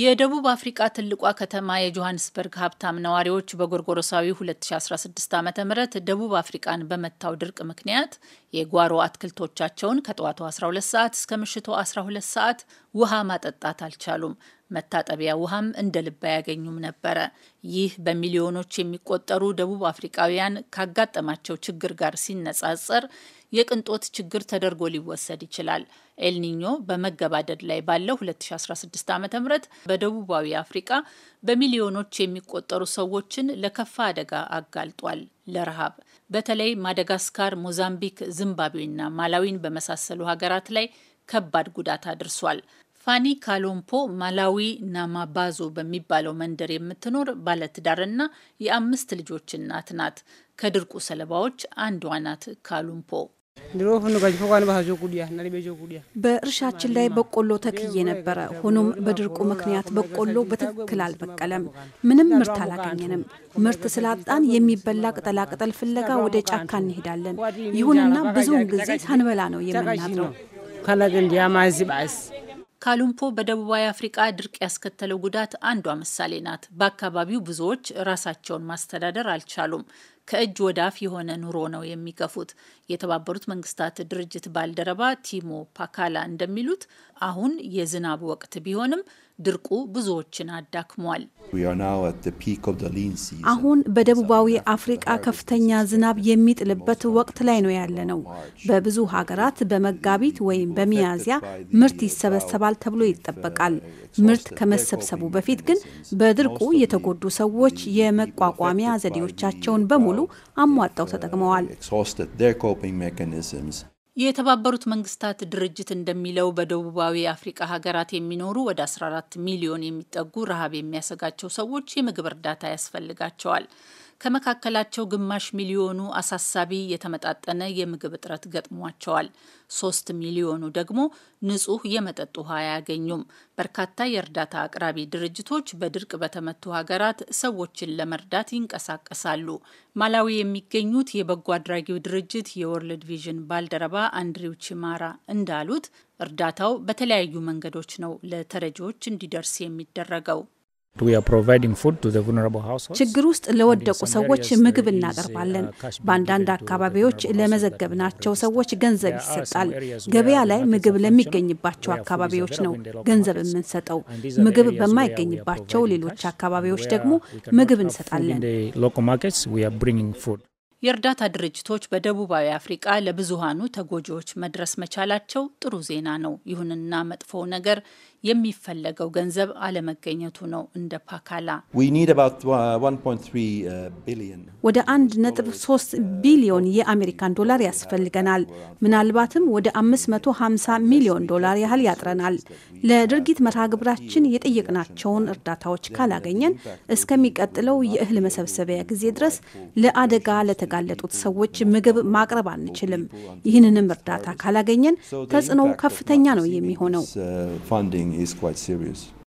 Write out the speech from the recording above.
የደቡብ አፍሪቃ ትልቋ ከተማ የጆሃንስበርግ ሀብታም ነዋሪዎች በጎርጎሮሳዊ 2016 ዓ ም ደቡብ አፍሪቃን በመታው ድርቅ ምክንያት የጓሮ አትክልቶቻቸውን ከጠዋቱ 12 ሰዓት እስከ ምሽቱ 12 ሰዓት ውሃ ማጠጣት አልቻሉም። መታጠቢያ ውሃም እንደ ልብ አያገኙም ነበረ። ይህ በሚሊዮኖች የሚቆጠሩ ደቡብ አፍሪቃውያን ካጋጠማቸው ችግር ጋር ሲነጻጸር የቅንጦት ችግር ተደርጎ ሊወሰድ ይችላል። ኤልኒኞ በመገባደድ ላይ ባለው 2016 ዓ ም በደቡባዊ አፍሪቃ በሚሊዮኖች የሚቆጠሩ ሰዎችን ለከፋ አደጋ አጋልጧል። ለረሃብ በተለይ ማደጋስካር፣ ሞዛምቢክ፣ ዚምባብዌና ማላዊን በመሳሰሉ ሀገራት ላይ ከባድ ጉዳት አድርሷል። ፋኒ ካሎምፖ ማላዊ ናማባዞ በሚባለው መንደር የምትኖር ባለትዳርና የአምስት ልጆች እናት ናት። ከድርቁ ሰለባዎች አንዷ ናት። ካሉምፖ በእርሻችን ላይ በቆሎ ተክዬ ነበረ። ሆኖም በድርቁ ምክንያት በቆሎ በትክክል አልበቀለም። ምንም ምርት አላገኘንም። ምርት ስላጣን የሚበላ ቅጠላቅጠል ፍለጋ ወደ ጫካ እንሄዳለን። ይሁንና ብዙውን ጊዜ ሳንበላ ነው የምናድረው። ካሉምፖ በደቡባዊ አፍሪቃ ድርቅ ያስከተለው ጉዳት አንዷ ምሳሌ ናት። በአካባቢው ብዙዎች ራሳቸውን ማስተዳደር አልቻሉም። ከእጅ ወዳፍ የሆነ ኑሮ ነው የሚገፉት። የተባበሩት መንግስታት ድርጅት ባልደረባ ቲሞ ፓካላ እንደሚሉት አሁን የዝናብ ወቅት ቢሆንም ድርቁ ብዙዎችን አዳክሟል። አሁን በደቡባዊ አፍሪቃ ከፍተኛ ዝናብ የሚጥልበት ወቅት ላይ ነው ያለነው። በብዙ ሀገራት በመጋቢት ወይም በሚያዝያ ምርት ይሰበሰባል ተብሎ ይጠበቃል። ምርት ከመሰብሰቡ በፊት ግን በድርቁ የተጎዱ ሰዎች የመቋቋሚያ ዘዴዎቻቸውን በሙሉ በሙሉ አሟጠው ተጠቅመዋል። የተባበሩት መንግስታት ድርጅት እንደሚለው በደቡባዊ አፍሪቃ ሀገራት የሚኖሩ ወደ 14 ሚሊዮን የሚጠጉ ረሃብ የሚያሰጋቸው ሰዎች የምግብ እርዳታ ያስፈልጋቸዋል። ከመካከላቸው ግማሽ ሚሊዮኑ አሳሳቢ የተመጣጠነ የምግብ እጥረት ገጥሟቸዋል። ሶስት ሚሊዮኑ ደግሞ ንጹህ የመጠጥ ውሃ አያገኙም። በርካታ የእርዳታ አቅራቢ ድርጅቶች በድርቅ በተመቱ ሀገራት ሰዎችን ለመርዳት ይንቀሳቀሳሉ። ማላዊ የሚገኙት የበጎ አድራጊው ድርጅት የወርልድ ቪዥን ባልደረባ አንድሪው ቺማራ እንዳሉት እርዳታው በተለያዩ መንገዶች ነው ለተረጂዎች እንዲደርስ የሚደረገው። ችግር ውስጥ ለወደቁ ሰዎች uh, ምግብ uh, እናቀርባለን። በአንዳንድ አካባቢዎች ለመዘገብናቸው ሰዎች ገንዘብ ይሰጣል። ገበያ ላይ ምግብ ለሚገኝባቸው አካባቢዎች ነው ገንዘብ የምንሰጠው። ምግብ በማይገኝባቸው ሌሎች አካባቢዎች ደግሞ ምግብ እንሰጣለን። የእርዳታ ድርጅቶች በደቡባዊ አፍሪቃ ለብዙሃኑ ተጎጂዎች መድረስ መቻላቸው ጥሩ ዜና ነው። ይሁንና መጥፎው ነገር የሚፈለገው ገንዘብ አለመገኘቱ ነው። እንደ ፓካላ ወደ 1.3 ቢሊዮን የአሜሪካን ዶላር ያስፈልገናል። ምናልባትም ወደ 550 ሚሊዮን ዶላር ያህል ያጥረናል። ለድርጊት መርሃ ግብራችን የጠየቅናቸውን እርዳታዎች ካላገኘን እስከሚቀጥለው የእህል መሰብሰቢያ ጊዜ ድረስ ለአደጋ ለተ ለተጋለጡት ሰዎች ምግብ ማቅረብ አንችልም። ይህንንም እርዳታ ካላገኘን ተጽዕኖው ከፍተኛ ነው የሚሆነው።